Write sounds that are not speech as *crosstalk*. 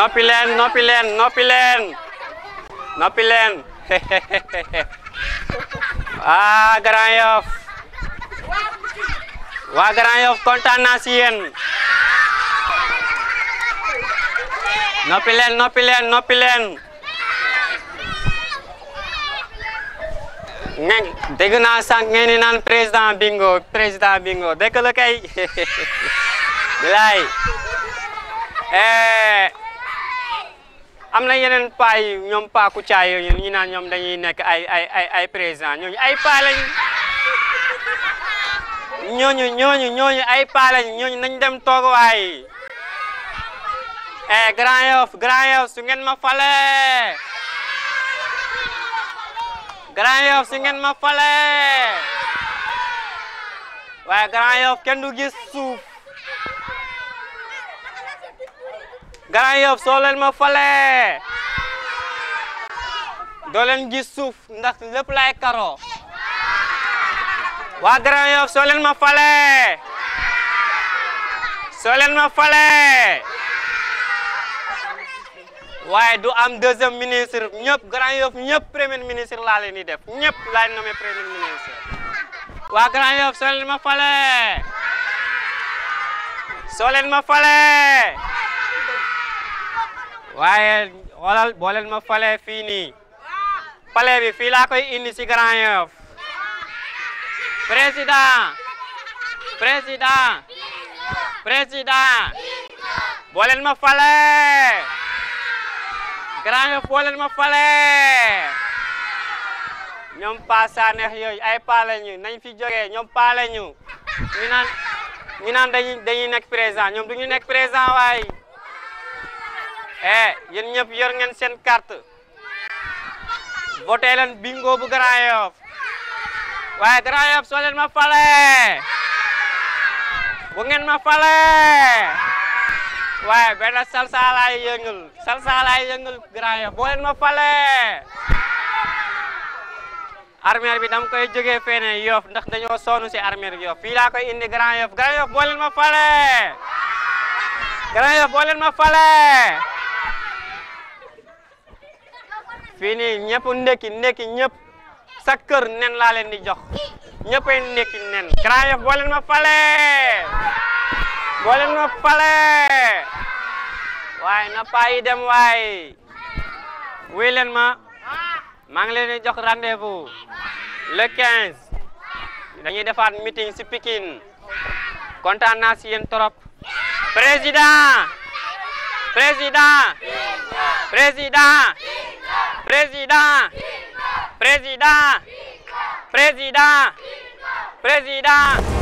noppi leen noppi leen noppi leen noppi leen waa Grand *laughs* ah, Yoff waa Grand Yoff kontaan naa si yéen noppi leen noppi leen noppi leen ngeen dégg naa sànq ngeen ni naan président bingo président bingo dëkk la kay *laughs* bilaay eh am na yeneen paa yi ñoom paa ku caay yooyu ñu naan ñoom dañuy nekk ay ay ay ay président ñooñu ay paa lañ ñooñu ñooñu ñooñu ay paa lañ ñooñu nañ dem toog waay eh Grand Yoff Grand Yoff su ngeen ma falee Grand Yoff su ngeen ma falee waaye Grand Yoff kenn du gis suuf. Grand Yoff soo ma falee doo leen gis suuf ndax lépp laay karo waa Grand Yoff soo ma falee waaye du am deuxième ministre ñëpp Grand Yoff ñëpp premier ministre laa leen def ñëpp laa leen premier ministre waa Grand Yoff soo ma falee soo ma falee waaye xoolal boole leen ma falee fii nii pale bi fii laa koy indi si Grand Yoff président président président boo leen ma Grand Yoff boo leen ma falee ñoom paa Sanex yooyu ay paa lañu nañ fi jógee ñoom paa lañu ñu naan ñu naan dañuy dañuy nekk président ñoom du ñu nekk président waaye eh yéen ñëpp yor ngeen seen carte voté leen bingo bu Grand Yoff waaye Grand ma falee bu ngeen ma falee waaye benn salsaalaay yëngal salsaalaay yëngal Grand Yoff boo leen ma falee armeer bi dama koy jógee feene Yoff ndax dañoo sonn si armeer bi Yoff koy indi Grand Yoff boo leen ma falee Grand boo leen ma falee fii nii ñëpp ndekki ndekki ñëpp sa kër nen laa leen di jox nekk ndekki nen. Grand Yoff boo ma falee boo ma falee waaye na paa yi dem waay wuy ma maa ngi leen di jox rendez-vous le 15 dañuy defaat meeting si kontaan naa si yéen trop président président président. Président Président Président Président